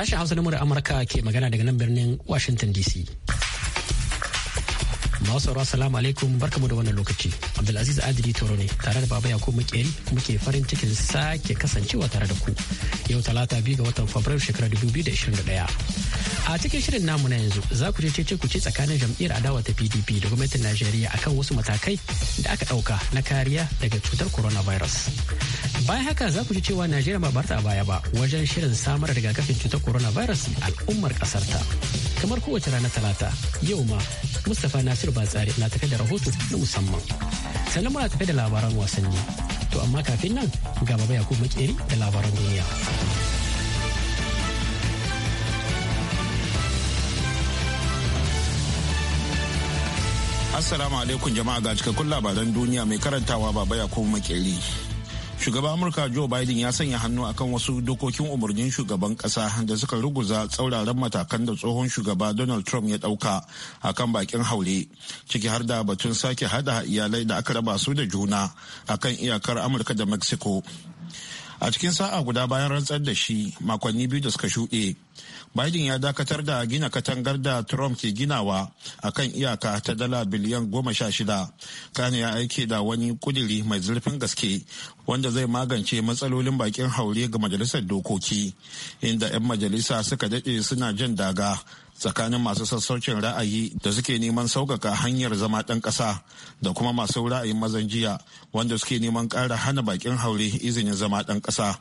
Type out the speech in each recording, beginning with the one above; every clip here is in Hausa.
Sashen Hausa na Amurka ke magana daga nan birnin Washington DC. Masu salamu alaikum mu da wannan lokaci. Abdulaziz Adili Toro ne tare da Baba Yakubu Makeri muke farin cikin sake kasancewa tare da ku. Yau talata biyu ga watan Fabrairu shekarar 2021. a cikin shirin namu na yanzu za ku je ku ce tsakanin jam'iyyar adawa ta pdp da gwamnatin najeriya akan wasu matakai da aka ɗauka na kariya daga cutar coronavirus bayan haka za ku ji cewa najeriya ba barta a baya ba wajen shirin samar da rigakafin cutar coronavirus ga al'ummar kasar ta kamar kowace rana talata yau ma mustapha nasiru batsari na tafi da rahoto na musamman sannan muna tafi da labaran wasanni to amma kafin nan gaba baya ku makeri da labaran duniya. Assalamu alaikum jama'a ga cikakkun labaran duniya mai karantawa baba ya kuma makeri. Shugaban Amurka Joe Biden ya sanya hannu akan wasu dokokin umarnin shugaban kasa da suka ruguza tsauraran matakan da tsohon shugaba Donald Trump ya dauka a kan bakin haure ciki har da batun sake hada iyalai da aka raba su da juna a kan iyakar Amurka da Mexico. a cikin sa'a guda bayan rantsar da shi makonni biyu da suka shuɗe Biden ya dakatar da gina katangar da Trump ke ginawa a kan iyaka ta dala biliyan goma sha shida. Kane ya aiki da wani kudiri mai zurfin gaske wanda zai magance matsalolin bakin haure ga majalisar dokoki, inda 'yan majalisa suka daɗe suna jin daga tsakanin masu sassaucin ra'ayi da suke neman sauƙaƙa hanyar zama ɗan ƙasa da kuma masu ra'ayin mazan jiya wanda suke neman ƙara hana bakin haure izinin zama ɗan ƙasa.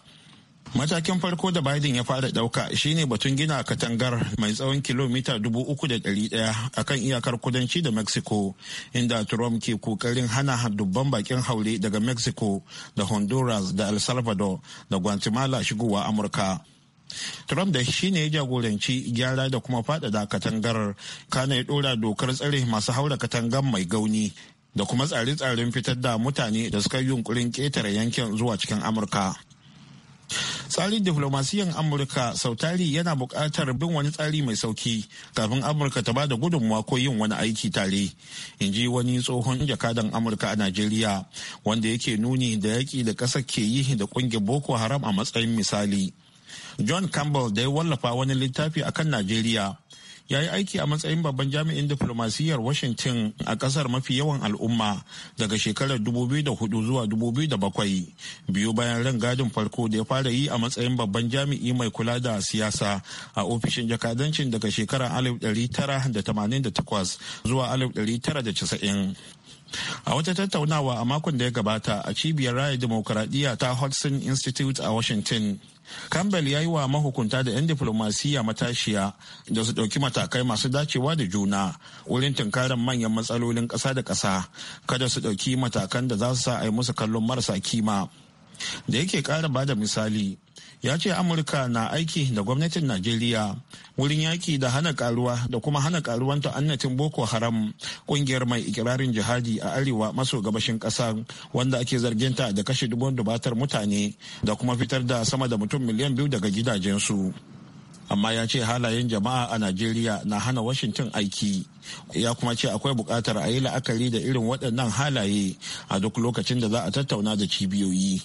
Matakin farko da Biden ya fara ɗauka shine batun gina katangar mai tsawon kilomita dubu uku da ɗari ɗaya a kan iyakar kudanci da Mexico, inda Trump ke kokarin hana dubban bakin haure daga Mexico da Honduras da El Salvador da Guatemala shigowa Amurka. Trump da shi ne ya jagoranci gyara da kuma faɗaɗa katangar, kana ya ɗora dokar tsare masu haura katangar mai gauni da kuma tsare-tsaren fitar da mutane da suka yi yunkurin ƙetare yankin zuwa cikin Amurka. tsarin diflomasiyan amurka sau tari yana buƙatar bin wani tsari mai sauki kafin amurka ta ba da gudunmuwa ko yin wani aiki tare in ji wani tsohon jakadan amurka a najeriya wanda yake nuni da yaƙi da ƙasa ke yi da ƙungiyar boko haram a matsayin misali john campbell da ya wallafa wani littafi akan najeriya ya yi aiki a matsayin babban jami'in diflomasiyyar washington a kasar mafi yawan al'umma daga shekarar 2004 zuwa 2007 biyu bayan ran gadin farko da ya fara yi a matsayin babban jami'i mai kula da siyasa a ofishin jakadancin daga shekarar 1988 zuwa 1990 A wata tattaunawa a makon da ya gabata a cibiyar raya demokuraɗiyya ta Hudson Institute a Washington. Campbell ya yi wa mahukunta da 'yan diflomasiyya matashiya da su ɗauki matakai masu dacewa da juna wurin tunkarar manyan matsalolin ƙasa da ƙasa kada su ɗauki matakan da za su sa a yi musu kallon marasa kima. Da yake ƙara bada misali, ya ce amurka na aiki da gwamnatin najeriya wurin yaki da hana karuwa da kuma hana karuwan ta'annatin boko haram kungiyar mai ikirarin jihadi a arewa maso gabashin ƙasa wanda ake zarginta da kashe dubon dubatar mutane da kuma fitar da sama da mutum miliyan biyu daga gidajensu amma ya ce halayen jama'a a najeriya na hana washington aiki ya kuma ce akwai buƙatar a yi la'akari da irin waɗannan halaye a duk lokacin da za a tattauna da cibiyoyi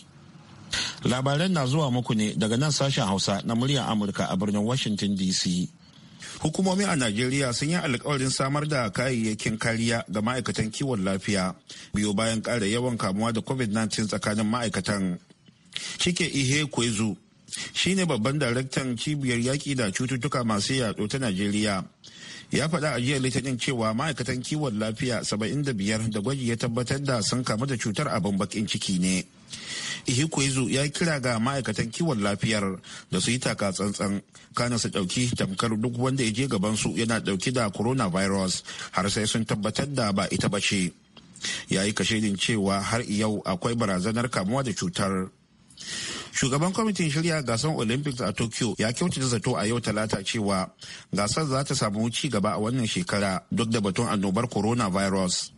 Labaran na zuwa muku ne daga nan sashen Hausa na muryar Amurka a birnin Washington DC. Hukumomi a Najeriya sun yi alkawarin samar da kayayyakin kariya ga ma'aikatan kiwon lafiya biyo bayan ƙara yawan kamuwa da COVID-19 tsakanin ma'aikatan. Cike Ihe Kwezu shi babban daraktan cibiyar yaƙi da cututtuka masu yaɗo ta Najeriya. Ya faɗa a jiya litinin cewa ma'aikatan kiwon lafiya 75 da gwaji ya tabbatar da sun kamu da cutar abin bakin ciki ne. ihikwezu ya kira ga ma'aikatan kiwon lafiyar da su yi taka tsantsan kana su ɗauki tamkar duk wanda ya je gaban su yana ɗauki da coronavirus har sai sun tabbatar da ba ita ba ce ya yi kashedin cewa har yau akwai barazanar kamuwa da cutar shugaban kwamitin shirya gasar olympics a tokyo ya kyautata zato a yau talata cewa gasar za ta samu ci gaba a wannan shekara duk da batun annobar coronavirus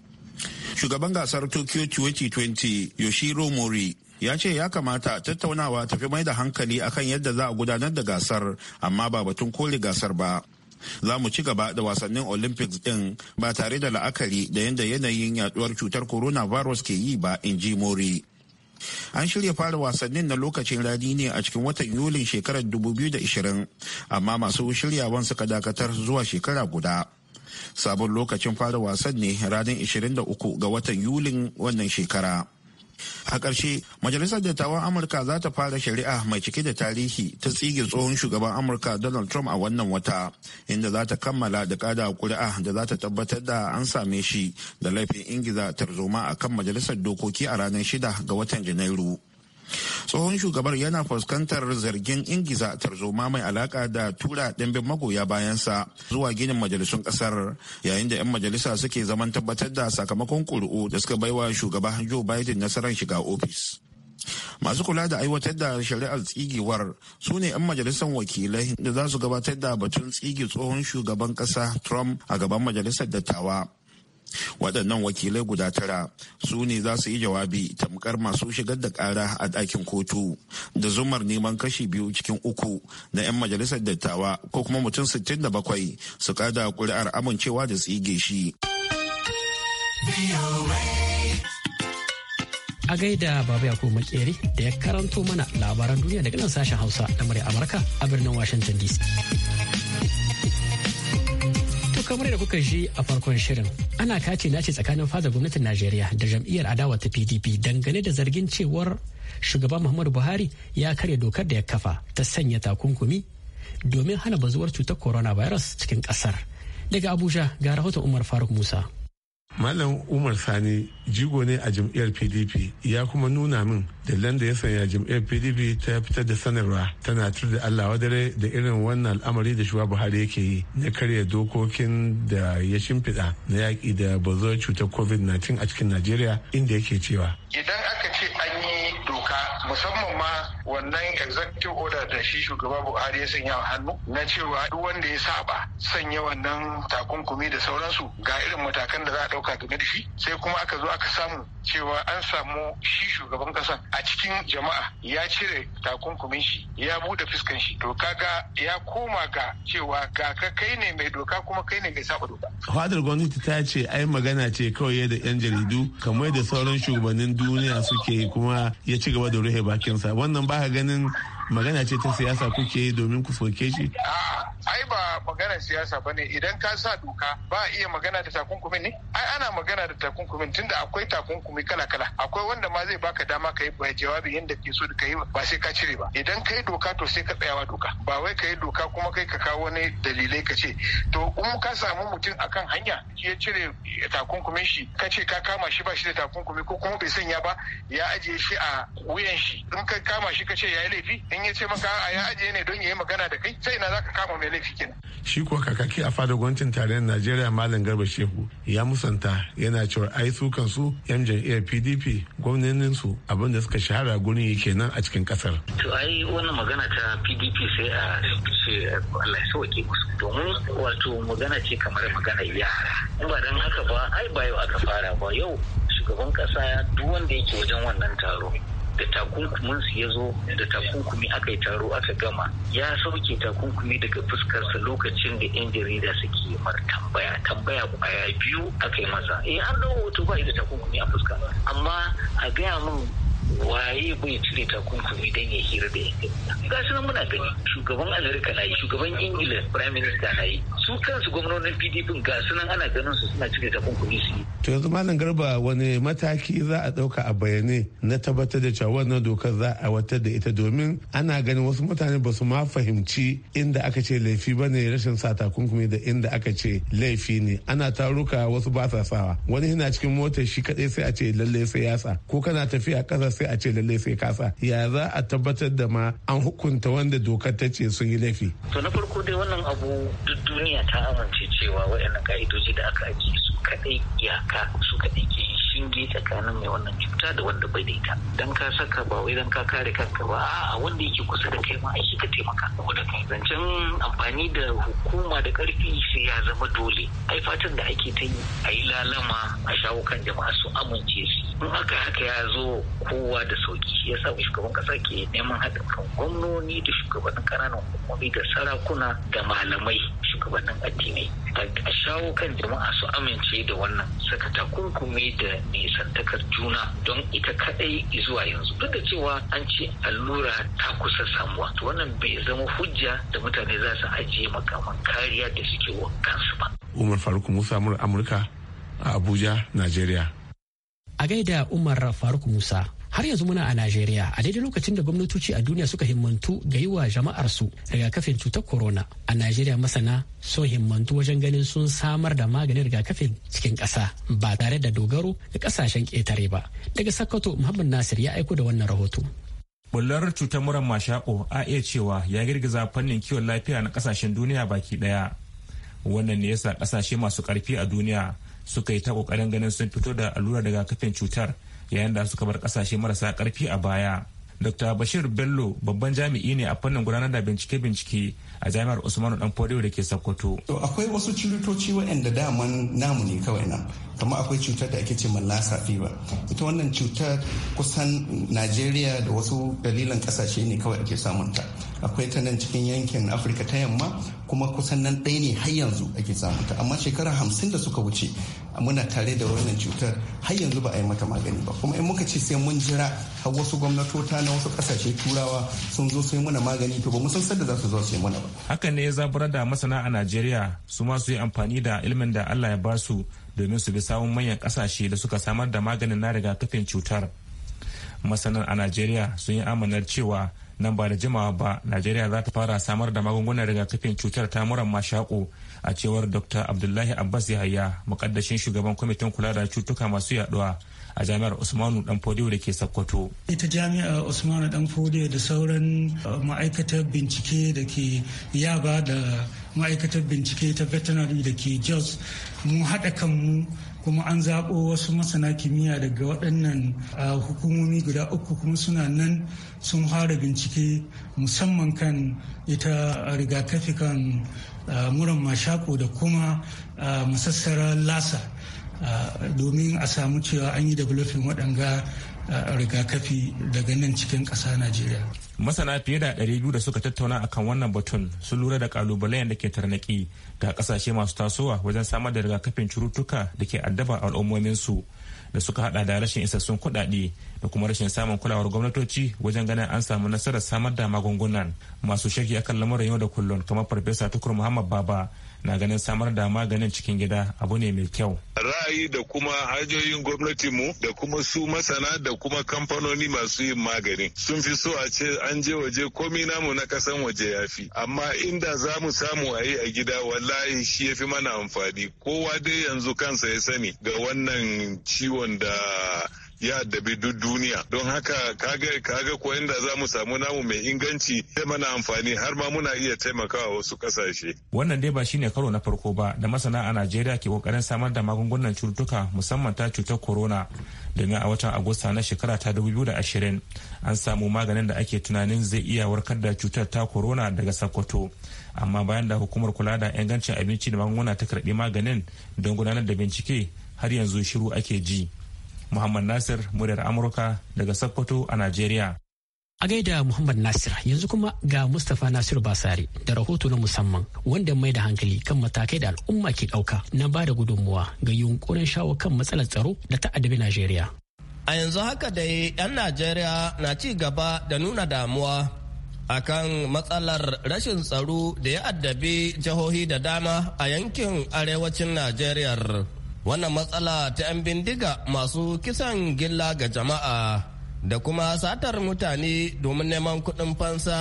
shugaban gasar tokyo 2020 yoshiro mori ya ce ya kamata tattaunawa tafi mai da hankali akan yadda za a gudanar da gasar amma ba batun koli gasar ba za mu ci gaba da wasannin olympics din ba tare da la'akari da yadda yanayin yaduwar cutar coronavirus ke yi ba in ji mori an shirya fara wasannin na lokacin rani ne a cikin watan yulin shekarar 2020 amma masu shiryawan suka dakatar zuwa shekara guda sabon lokacin fara wasan ne ranar 23 ga watan yulin wannan shekara a ƙarshe majalisar dattawan amurka za ta fara shari'a mai cike da tarihi ta tsige tsohon shugaban amurka donald trump a wannan wata inda za ta kammala da ƙada kuri'a da za ta tabbatar da an same shi da laifin ingiza tarzoma a kan majalisar dokoki a ranar shida ga watan janairu tsohon shugabar yana fuskantar zargin ingiza tarzoma mai alaka da tura dimbin magoya bayansa zuwa ginin majalisun kasar yayin da 'yan majalisa suke zaman tabbatar da sakamakon ƙuri'u da suka baiwa shugaba joe biden nasarar shiga ofis masu kula da aiwatar da shari'ar tsigewar su ne 'yan majalisar wakilai da za su gabatar da batun tsige tsohon shugaban kasa trump a gaban majalisar dattawa waɗannan wakilai guda tara su ne za su yi jawabi tamkar masu shigar da ƙara a ɗakin kotu da zumar neman kashi biyu cikin uku na 'yan majalisar dattawa ko kuma mutum 67 su kada ƙuri'ar amincewa da tsige shi. A gaida Baba Yakubu Makeri da ya karanto mana labaran duniya daga nan sashen Hausa na murya Amurka a birnin Washington DC. kamar da kuka ji a farkon shirin ana kace nace tsakanin fada gwamnatin najeriya da jam'iyyar adawa ta pdp dangane da zargin cewar shugaban muhammadu buhari ya karya dokar da ya kafa ta sanya takunkumi domin hana bazuwar cutar coronavirus cikin kasar daga abuja ga rahoton umar faruk musa Malam Umar Sani jigo ne a jam'iyyar PDP ya kuma nuna min da da ya sanya jam'iyyar PDP ta fitar da sanarwa tana tur da Allah wadare da irin wannan al'amari da shuwa Buhari yake yi na karya dokokin da ya shimfiɗa na yaƙi da bazuwar cutar COVID-19 a cikin Najeriya inda yake cewa. Idan aka ce an yi doka musamman ma wannan executive order da shi shugaba buhari ya sanya hannu na cewa duk wanda ya saba sanya wannan takunkumi da sauransu ga irin matakan da za a dauka game da shi sai kuma aka zo aka samu cewa an samu shi shugaban kasan a cikin jama'a ya cire takunkumin shi ya bude fuskan shi to kaga ya koma ga cewa ga ka kai ne mai doka kuma kai ne mai saba doka fadar gwamnati ta ce ai magana ce kawai da yan jaridu kamar da sauran shugabannin duniya suke yi kuma ya ya ci gaba da rufe bakinsa wannan ba ganin magana ce ta siyasa kuke yi domin ku soke shi ai ba magana siyasa bane idan ka sa doka ba a iya magana da takunkumi ne ai ana magana da takunkumin tunda akwai takunkumi kala kala akwai wanda ma zai baka dama ka yi jawabi yadda ke so da ka yi ba sai ka cire ba idan kai doka to sai ka tsayawa doka ba wai ka yi doka kuma kai ka kawo wani dalilai ka ce to in ka samu mutum akan hanya ya cire takunkumin shi ka ce ka kama shi ba shi da takunkumi ko kuma bai sanya ba ya ajiye shi a wuyan shi in ka kama shi ka ce ya yi laifi in ya ce maka a ya ajiye ne don ya yi magana da kai sai na za ka kama mai laifi kenan. Shi kuwa kakaki a fadar gwamnatin tarayyar Najeriya Malam Garba Shehu ya musanta yana cewa ai su kansu yan jam'iyyar PDP gwamnanin su abinda suka shahara gurin yake nan a cikin kasar. To ai wannan magana ta PDP sai a Allah ya sauke musu domin wato magana ce kamar magana yara. In ba don haka ba ai ba yau aka fara ba yau shugaban kasa duk wanda yake wajen wannan taro da takunkumin su ya zo da takunkumi aka yi taro aka gama ya sauke takunkumi daga fuskarsa lokacin da yan jarida suke mar tambaya tambaya kwaya biyu aka yi masa eh an dawo hoto ba da takunkumi a fuska amma a gaya min waye bai cire takunkumi don ya hira da yan ga su muna gani shugaban amerika na yi shugaban ingila prime minister na yi su kansu gwamnonin pdp ga ana ganin su suna cire takunkumi su yi to yanzu malam garba wani mataki za a ɗauka a bayanai na tabbatar da cewa wannan dokar za a watar da ita domin ana ganin wasu mutane ba su ma fahimci inda aka ce laifi ba ne rashin sa takunkumi da inda aka ce laifi ne ana taruka wasu ba sa sawa wani yana cikin motar shi kadai sai a ce lallai sai ya sa ko kana tafiya ƙasa sai a ce lallai sai kasa ya za a tabbatar da ma an hukunta wanda dokar ta ce sun yi laifi. to na farko dai wannan abu duk duniya ta amince cewa waɗannan ka'idoji da aka ajiye su kaɗai iyaka su kaɗai ke shinge tsakanin mai wannan cuta da wanda bai da ita dan ka saka ba wai dan ka kare kanka ba a wanda yake kusa da kai ma ai shi ka taimaka ko da kai zancen amfani da hukuma da karfi sai ya zama dole ai fatan da ake ta yi a yi lalama a shawo kan jama'a su amince su in aka haka ya zo kowa da sauki ya sa shugaban kasa ke neman haɗin kan gwamnoni da shugabannin ƙananan hukumomi da sarakuna da malamai shugabannin addinai a shawo kan jama'a su amince da wannan saka takunkumi da nisantakar juna don ita kadai zuwa yanzu duk da cewa an ce allura ta kusa samuwa to wannan bai zama hujja da mutane za su ajiye makaman kariya da suke wa kansu ba umar faruk musa amurka a abuja nigeria a gaida umar faruk musa har yanzu muna a najeriya a daidai lokacin da gwamnatoci a duniya suka himmantu ga yi wa jama'ar su rigakafin cutar corona a najeriya masana sun himmantu wajen ganin sun samar da maganin rigakafin cikin ƙasa ba tare da dogaro da ƙasashen ƙetare ba daga sakkwato muhammad nasir ya aiko da wannan rahoto bullar cutar muran mashako a iya cewa ya girgiza fannin kiwon lafiya na ƙasashen duniya baki ɗaya wannan ne yasa ƙasashe masu karfi a duniya suka yi ta kokarin ganin sun fito da allurar rigakafin cutar yayin da suka bar kasashe marasa karfi a baya dr bashir bello babban jami'i ne a fannin gudanar da bincike-bincike a jami'ar usmanu dan fodiyo da ke sokoto to akwai wasu cutoci waɗanda daman namu ne kawai nan kama akwai cutar da ake ce lassa fever ita wannan cutar kusan najeriya da wasu dalilan kasashe ne kawai ake samun ta akwai ta nan cikin yankin afirka ta yamma kuma kusan nan ɗaya ne har yanzu ake samu ta amma shekara hamsin da suka wuce muna tare da wannan cutar har yanzu ba a yi mata magani ba kuma in muka ce sai mun jira har wasu gwamnatota na wasu kasashe turawa sun zo sai muna magani to ba mu san sadda za su zo su yi mana ba hakan ne ya zaburar da masana a najeriya su ma su yi amfani da ilimin da allah ya ba su domin su bi samun manyan kasashe da suka samar da maganin na rigakafin cutar masanan a najeriya sun yi amanar cewa nan ba da jimawa ba najeriya za ta fara samar da magungunan rigakafin cutar ta muran mashaƙo a cewar dr abdullahi abbas yahaya mukaddashin shugaban kwamitin kula da cutuka masu yaduwa a jami'ar usmanu dan fodiyo da ke sokoto ita jami'ar usmanu dan fodiyo da sauran uh, ma'aikatar bincike da ke yaba da ma'aikatar bincike ta veterinary da ke jos mu haɗa kanmu kuma an zaɓo wasu masana kimiyya daga waɗannan uh, hukumomi guda uku kuma suna nan sun fara bincike musamman kan ita rigakafi kan ah, muran mashako da kuma ah, masassarar lasa ah, domin a samu cewa an yi da developing waɗanga rigakafi daga nan cikin ƙasa najeriya masana fiye da 200 da suka tattauna akan wannan batun sun lura da kalubalen da ke tarnaki ga kasashe masu tasowa wajen samar da rigakafin cututtuka da ke addaba al'ummominsu su da suka hada da rashin isassun kuɗaɗe da kuma rashin samun kulawar gwamnatoci wajen ganin an samu nasarar samar da magungunan masu shagi akan lamarin yau da kullum kamar farfesa tukur muhammad baba na ganin samar da maganin cikin gida abu ne mai kyau. Ra'ayi da kuma hajoyin mu da kuma su masana da kuma kamfanoni masu yin magani sun fi so a ce an je waje komi namu na kasan waje ya fi amma inda za mu samu a yi a gida wallahi shi ya fi mana amfani kowa dai yanzu kansa ya sani ga wannan ciwon da ya addabi duk duniya don haka kaga kaga ko inda za mu samu namu mai inganci zai mana amfani har ma muna iya taimakawa wasu kasashe wannan dai ba shine karo na farko ba da masana a Najeriya ke kokarin samar da magungunan cututtuka musamman ta cutar corona domin a watan Agusta na shekara ta dubu biyu da ashirin an samu maganin da ake tunanin zai iya warkar da cutar ta corona daga Sokoto amma bayan da hukumar kula da ingancin abinci da magunguna ta karbi maganin don gudanar da bincike har yanzu shiru ake ji. Muhammad Nasir muryar Amurka daga Sokoto a Najeriya. A gaida Muhammad Nasir yanzu kuma ga Mustapha Nasiru Basari da rahoto na musamman wanda mai da hankali kan matakai da al'umma ke ɗauka na bada da gudunmuwa ga yunkurin shawo kan matsalar tsaro da ta addabi Najeriya. A yanzu haka dai 'yan Najeriya na ci gaba da nuna damuwa akan matsalar rashin tsaro da ya addabi jihohi da dama a yankin arewacin Najeriya. wannan matsala ta 'yan bindiga masu kisan gilla ga jama'a da kuma satar mutane domin neman kuɗin fansa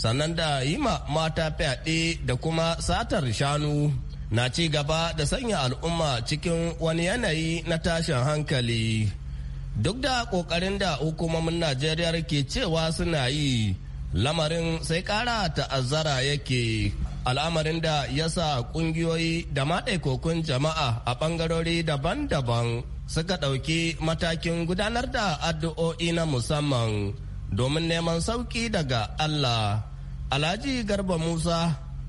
sannan da yi ma mata fyaɗe da kuma satar shanu na ci gaba da sanya al'umma cikin wani yanayi na tashin hankali duk da ƙoƙarin da hukumomin najeriya ke cewa suna yi lamarin sai ƙara ta'azzara yake al'amarin da ya sa kungiyoyi da maɗaikokun jama'a a ɓangarori daban-daban suka ɗauki matakin gudanar da addu'o'i na musamman domin neman sauƙi daga Allah. Alhaji Garba Musa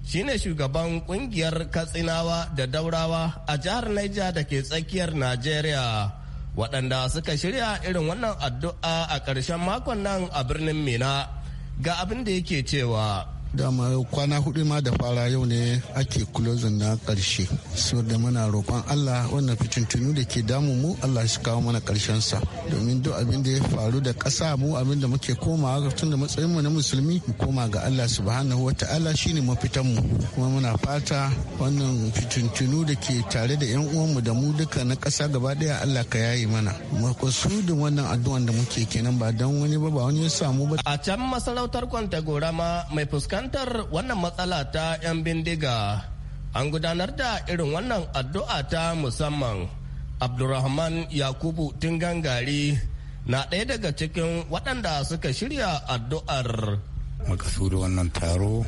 shine shugaban ƙungiyar Katsinawa da Daurawa a jihar Naija da ke tsakiyar Najeriya. waɗanda suka shirya irin wannan addu'a a ƙarshen makon nan a birnin Mina ga abin da yake cewa. dama kwana hudu ma da fara yau ne ake kulozin na karshe so da muna roƙon allah wannan fitintunu da ke damu mu allah shi kawo mana karshen sa domin duk abin da ya faru da ƙasa mu abin da muke komawa tun da matsayin mu na musulmi mu koma ga allah subhanahu wa ta'ala shine mafitan mu kuma muna fata wannan fitintunu da ke tare da yan uwanmu da mu duka na ƙasa gaba ɗaya allah ka yayi mana su da wannan addu'an da muke kenan ba don wani ba ba wani ya samu ba a can masarautar kwanta gorama mai fuska fuskantar wannan matsala ta 'yan bindiga an gudanar da irin wannan addu'a ta musamman abdurrahman yakubu Gangari na ɗaya daga cikin waɗanda suka shirya addu'ar makasudu wannan taro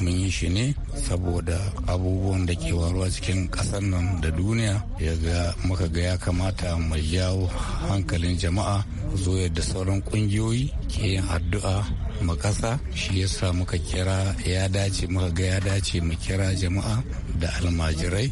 mun yi shi ne saboda abubuwan da ke waruwa cikin ƙasar nan da duniya ya ga muka ga ya kamata mu jawo hankalin jama'a zo yadda sauran ƙungiyoyi ke yin addu'a makasa ƙasa shi yasa muka kira ya dace muka ga ya dace mu kira jama'a da almajirai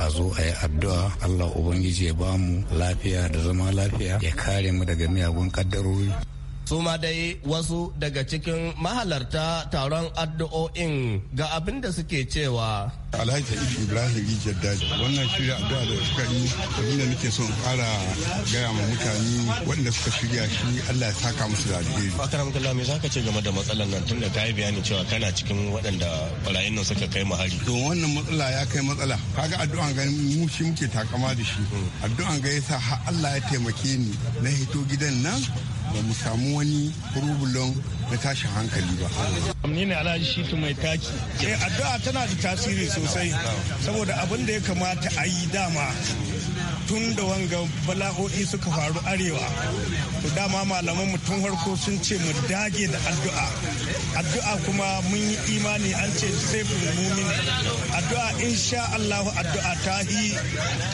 a zo a yi addu'a Allah Ubangiji ya ba mu lafiya da zama lafiya ya kare mu daga miyagun ƙaddarori. su ma dai wasu daga cikin mahalarta taron addu'o'in ga abin da suke cewa Alhaji Sa'idu Ibrahim Rijiyar Daji. Wannan shirya addu'a da suka yi abinda nake son fara gaya ma mutane waɗanda suka shirya shi Allah ya saka musu da alheri. Akaram kalla me zaka ce game da matsalar nan tunda ta yi bayani cewa kana cikin waɗanda barayin nan suka kai mahari. To wannan matsala ya kai matsala. Kaga addu'an ga mu shi muke takama da shi. Hmm. Addu'an ga yasa har Allah ya taimake ni na hito gidan nan ba mu samu wani rubulon na tashi hankali ba. Ni ne Alhaji Shitu mai taki. Eh addu'a tana da tasiri so. sosai saboda abin da ya kamata a yi dama tun da wanga bala'o'i suka faru arewa to dama malaman mu tun harko sun ce mu dage da addu'a addu'a kuma mun yi imani an ce sai mumin addu'a insha Allah addu'a ta hi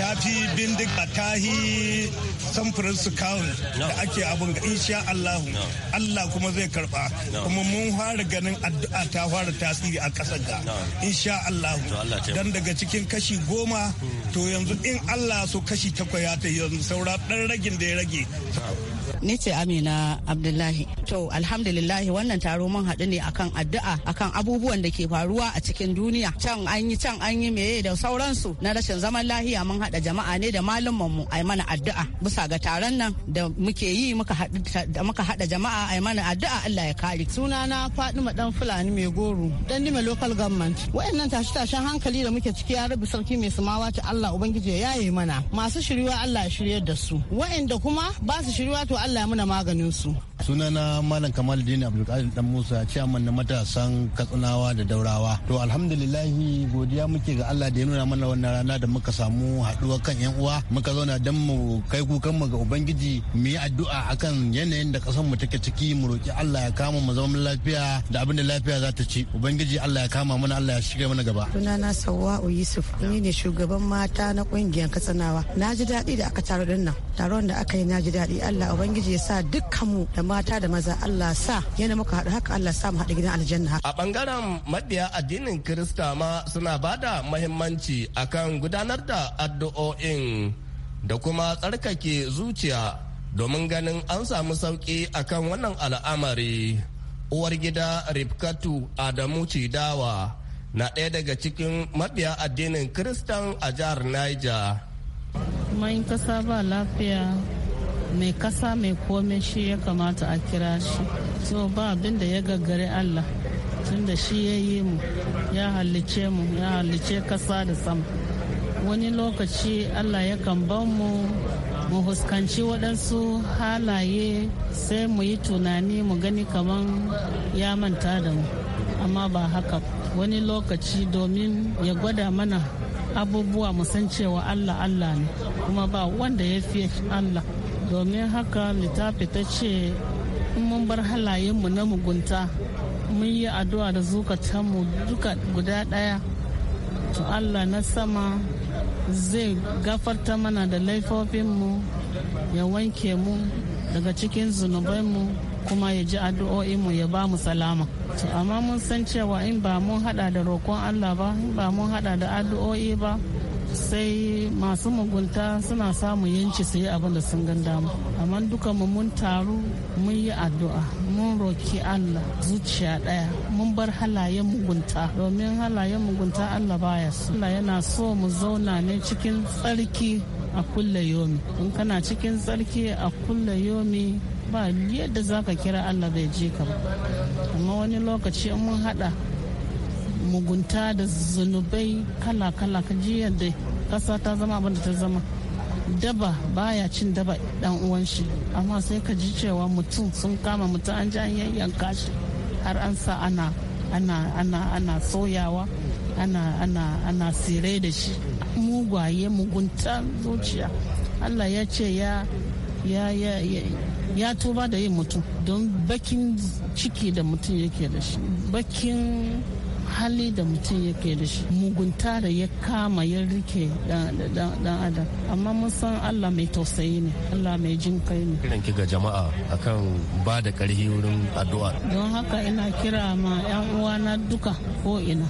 ta fi bindiga ta hi samfurin su kawo da ake abun ga insha Allah Allah kuma zai karba kuma mun fara ganin addu'a ta fara tasiri a kasar ga insha Allah dan daga cikin kashi goma to yanzu in Allah so kashi kashi takwas ya ta yanzu saura ɗan ragin da ya rage Ni ce Amina Abdullahi. To alhamdulillahi wannan taro mun haɗu ne akan addu'a akan abubuwan da ke faruwa a cikin duniya. Can an yi can an yi meye da sauransu na rashin zaman lahiya mun haɗa jama'a ne da malumman mu ai mana addu'a bisa ga taron nan da muke yi muka haɗa jama'a ai mana addu'a Allah ya kare. Sunana Fadima dan Fulani mai goro dan Nima local government. Wayannan tashi tashen hankali da muke ciki ya rabu sarki mai sumawa ta Allah ubangiji ya yi mana. Masu shiriwa Allah ya shiryar da su. Wayanda kuma ba su shiriwa to Allah Allah muna maganin su sunana malam kamal dini abdulkadir dan musa ciyaman na matasan katsunawa da daurawa to alhamdulillahi godiya muke ga allah da ya nuna mana wannan rana da muka samu haduwa kan yan uwa muka zauna don mu kai kukan mu ga ubangiji mu yi addu'a akan yanayin da kasan mu take ciki mu roki allah ya kama mu zaman lafiya da abin da lafiya za ta ci ubangiji allah ya kama mana allah ya shiga mana gaba sunana sawa'u yusuf ni ne shugaban mata na kungiyar katsinawa na ji daɗi da aka taro din nan taron da aka yi na ji daɗi allah ubangiji ya sa dukkanmu da mata da maza Allah sa yana muka haɗu haka Allah sa mu haɗu gidan aljanna. A bangaren mabiya addinin Kirista ma suna bada mahimmanci akan gudanar da addu'o'in da kuma tsarkake zuciya domin ganin an samu sauki akan wannan al'amari. Uwar gida Rifkatu Adamu Cidawa na ɗaya daga cikin mabiya addinin Kiristan a jihar Niger. Mun kasa ba lafiya mai kasa mai komai shi ya kamata a kira shi so ba abin da ya gaggare allah tunda shi ya yi mu ya hallice mu ya hallice kasa da sama wani lokaci allah ya kan ban mu mu huskanci waɗansu halaye sai mu yi tunani mu gani kaman ya manta da mu amma ba haka wani lokaci domin ya gwada mana abubuwa mu san cewa allah allah ne kuma ba wanda ya fiye allah domin haka littafi ta ce mun bar halayenmu na mugunta mun yi addu'a da zukatanmu duka guda ɗaya to allah na sama zai gafarta mana da laifofinmu ya wanke mu daga cikin zunubanmu kuma ya ji addu'o'inmu ya ba mu salama to amma mun san cewa in ba mun hada da roƙon allah ba in ba mun hada da addu'o'i ba sai masu mugunta suna samun yanci su yi abin da sun ganda mu amma duka mu mun taru mun yi addu'a mun roki allah zuciya daya mun bar halayen mugunta domin halayen mugunta allah baya so allah yana so mu zauna ne cikin tsarki a kulle yomi in kana cikin tsarki a kulle yomi ba yadda za kira allah bai ji ka ba amma wani lokaci mun hada mugunta da zunubai kala-kala ka ji yadda kasa ta zama abin da ta zama daba baya cin daba dan uwan shi amma sai ka ji cewa mutum sun kama mutum an ji an shi har an sa ana ana ana ana soyawa ana ana ana sirai da shi mugwaye mugunta zuciya Allah ya ce ya ya ya ya tuba da yin mutum don bakin ciki da mutum yake da shi bakin hali da mutum yake da shi mugunta da ya kama ya rike dan adam amma mun san allah mai tausayi ne allah mai jin kai ne kiran ki ga jama'a akan ba da karhi wurin addu'a don haka ina kira ma yan uwana duka ko ina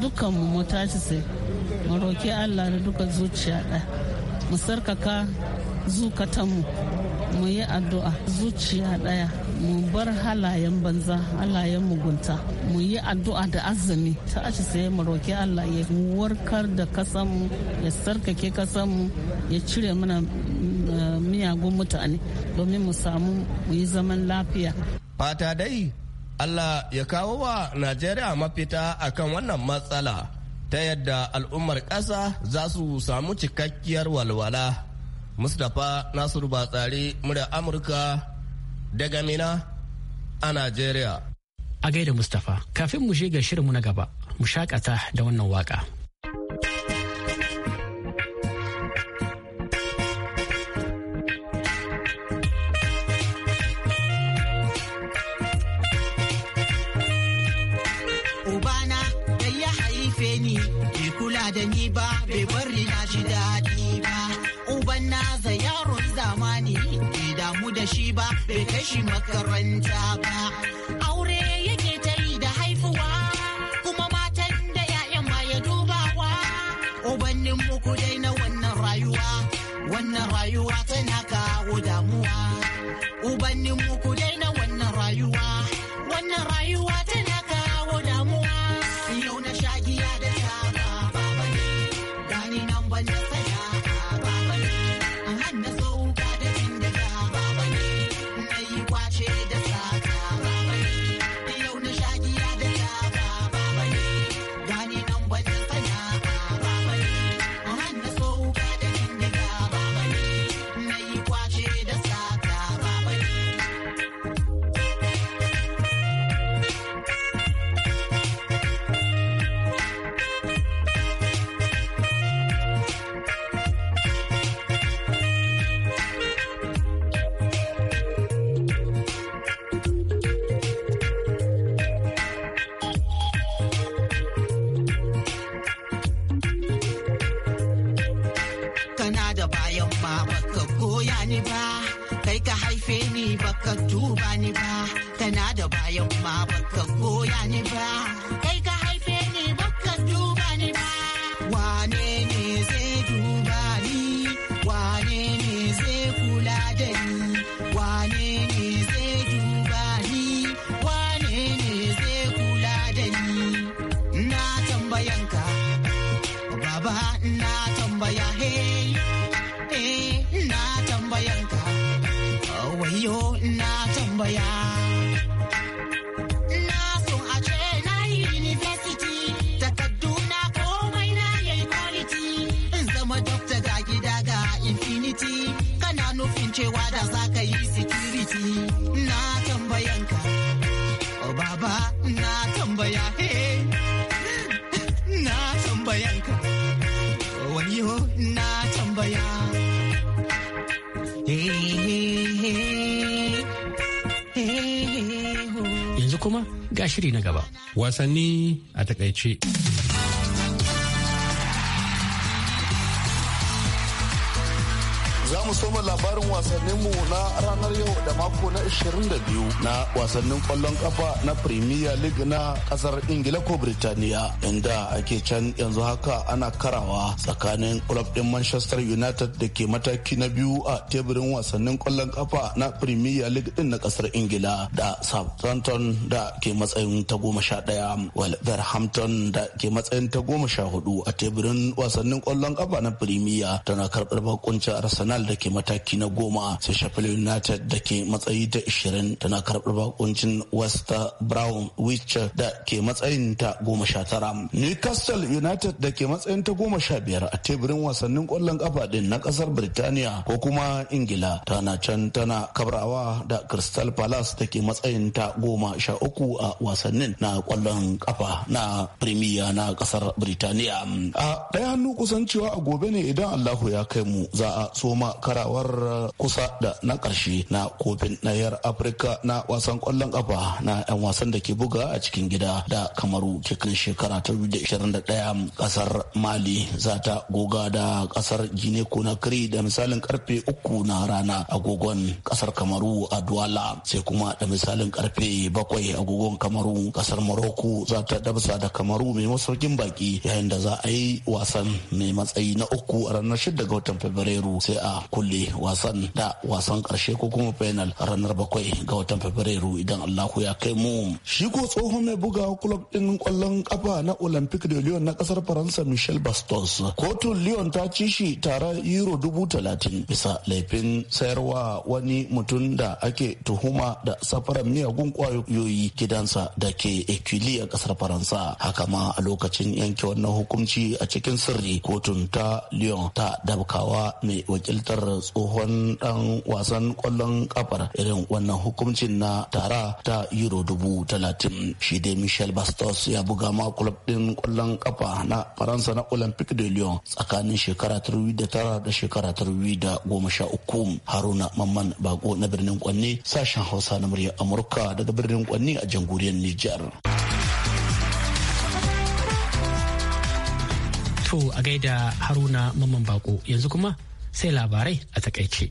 dukan mu mota shi sai mu roki allah da duka zuciya ɗaya mu sarkaka zukatanmu mu yi addu'a zuciya ɗaya mu bar halayen banza halayen mugunta mu yi addu'a da azumi ta ashe sai mu roki Allah ya warkar da kasanmu ya sarkake kasanmu ya cire mana eh, miyagun mutane domin mu samu mu yi zaman lafiya fata dai Allah ya kawo wa Najeriya mafita akan wannan matsala ta yadda al'ummar ƙasa za su samu cikakkiyar walwala. Mustapha Nasiru Batsari murya Amurka daga Mina a Najeriya. A gaida Mustapha, kafin mu shiga mu na gaba, mu shakata da wannan waƙa. da shi ba bai kai shi makaranta ba aure yake ta yi da haifuwa kuma matan da ya'yan ma ya dubawa ubannin muku dai na wannan rayuwa wannan rayuwa tana kawo damuwa ubannin muku dai na wannan rayuwa wannan rayuwa tana kawo damuwa yau na shagiya da ta ba ne gani nan ban da yanzu kuma ga shiri na gaba. Wasanni a takaice. Za mu soma labarin wasanninmu na ranar yau da mako na 22 na wasannin kwallon kafa na Premier League na kasar Ingila ko Birtaniya inda ake can yanzu haka ana karawa tsakanin club din Manchester United da ke mataki na biyu a teburin wasannin kwallon kafa na Premier League din na kasar Ingila da Southampton da ke matsayin ta goma sha daya Wolverhampton da ke matsayin ta goma sha hudu a teburin wasannin kwallon kafa na Premier tana karɓar bakuncin Arsenal Arsenal da ke mataki na goma sai Sheffield United da ke matsayi ta 20 tana karɓar bakuncin West Brown Witch da ke matsayin ta goma sha tara. Newcastle United da ke matsayin ta goma sha biyar a teburin wasannin kwallon kafa din na kasar Birtaniya ko kuma Ingila tana can tana kabrawa da Crystal Palace da ke matsayin ta goma sha uku a wasannin na kwallon kafa na Premier na kasar Birtaniya. A ɗaya hannu kusancewa a gobe ne idan Allahu ya kai mu za a soma karawar eh, kusa da na ƙarshe na kofin nayar afirka na wasan ƙwallon ƙafa na 'yan wasan da ke buga a cikin gida da kamaru cikin shekara ta 2021 ƙasar mali za ta goga da ƙasar gine conakry da misalin karfe uku na rana agogon ƙasar kamaru a duwala sai kuma da misalin karfe bakwai agogon kamaru ƙasar morocco za ta dabsa da kamaru mai masaukin baki yayin da za a yi wasan mai matsayi na uku a ranar 6 ga watan fabrairu sai a kulle wasan da wasan karshe ko kuma final ranar bakwai ga watan fabrairu idan allahu ya kai mu shi ko tsohon mai buga club din kwallon kafa na olympic de lyon na kasar faransa michel bastos kotun lyon ta ci shi tare euro dubu talatin bisa laifin sayarwa wani mutum da ake tuhuma da safaran miyagun kwayoyi gidansa da ke ekuli a kasar faransa haka ma a lokacin yanke wannan hukunci a cikin sirri kotun ta lyon ta dabkawa mai wakiltar. hukuntar tsohon dan wasan kwallon kafar irin wannan hukuncin na tara ta euro dubu talatin shi dai michel bastos ya buga ma club din kwallon kafa na faransa na olympic de lyon tsakanin shekara ta tara da shekara ta da goma sha uku haruna mamman bako na birnin kwanne sashen hausa na murya amurka daga birnin kwanne a jamhuriyar nijar to a gaida haruna mamman bako yanzu kuma sai labarai a takaice.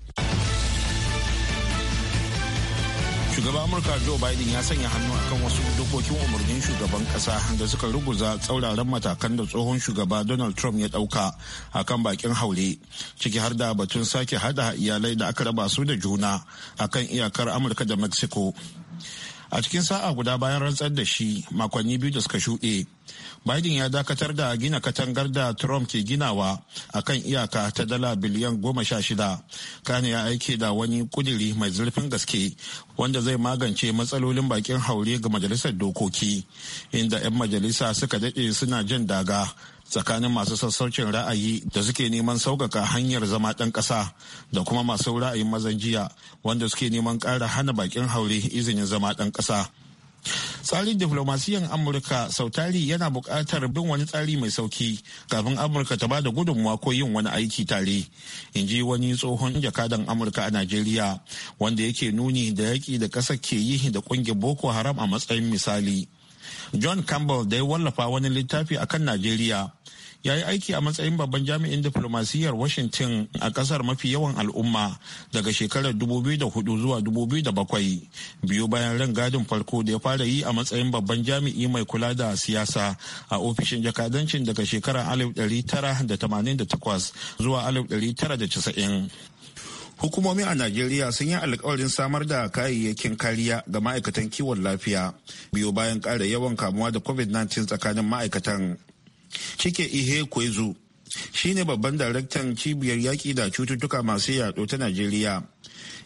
shugaban amurka joe biden ya sanya hannu akan wasu dokokin umarnin shugaban kasa da suka ruguza tsauraran matakan da tsohon shugaba donald trump ya dauka a kan bakin haure ciki har da batun sake hada iyalai da aka raba su da juna akan iyakar amurka da mexico a cikin sa'a guda bayan rantsar da shi makonni biyu da suka shuɗe biden ya dakatar da gina katangar da trump ke ginawa a kan iyaka ta dala biliyan goma sha shida kane ya aike da wani kudiri mai zurfin gaske wanda zai magance matsalolin bakin haure ga majalisar dokoki inda 'yan majalisa suka daɗe suna jin daga tsakanin masu sassaucin ra'ayi da suke neman sauƙaƙa hanyar zama ɗan ƙasa da kuma masu ra'ayin mazan jiya wanda suke neman ƙara hana baƙin haure izinin zama ɗan ƙasa. tsarin diflomasiyan amurka sautari yana buƙatar bin wani tsari mai sauki kafin amurka ta ba da gudunmuwa ko yin wani aiki tare in ji wani tsohon jakadan amurka a najeriya wanda yake nuni da yaƙi da ƙasa ke yi da ƙungiyar boko haram a matsayin misali john campbell da ya wallafa wani littafi a kan najeriya ya yi aiki a matsayin babban jami'in diplomasiyyar washington a kasar mafi yawan al'umma daga shekarar 2004 zuwa 2007 biyu bayan ran gadin farko da ya fara yi a matsayin babban jami'i mai kula da siyasa a ofishin jakadancin daga shekarar 1988 zuwa 1990 hukumomi a najeriya sun yi alkawarin samar da kayayyakin kariya ga ma'aikatan kiwon lafiya biyo bayan ƙara yawan kamuwa da covid-19 tsakanin ma'aikatan cike ihe kwezu ne babban daraktan cibiyar yaƙi da cututtuka masu yaɗo ta najeriya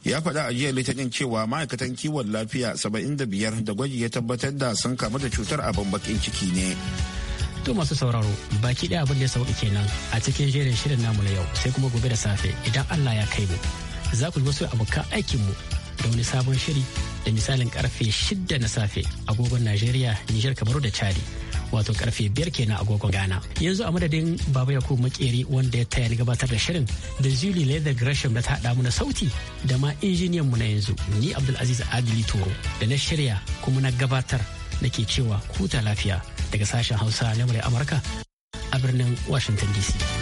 ya faɗa a jiya litinin cewa ma'aikatan kiwon lafiya saba'in da biyar da gwaji ya tabbatar da sun kamu da cutar abin bakin ciki ne To masu sauraro baki ɗaya abin da ya sauƙi kenan a cikin jerin shirin namu na yau sai kuma gobe da safe idan Allah ya kai mu. za ku ji wasu abokan aikinmu da wani sabon shiri da misalin karfe 6 na safe agogon Najeriya, Nijar, Kamaru da Chadi. Wato karfe biyar kenan agogon Ghana. Yanzu a madadin Baba Yakubu Makeri wanda ya taya ni gabatar da shirin da zuli Leather Gresham da ta haɗa mu na sauti da ma injiniyan mu na yanzu ni Abdulaziz Adili Toro da na shirya kuma na gabatar da ke cewa kuta lafiya daga sashen Hausa na Amurka a birnin Washington DC.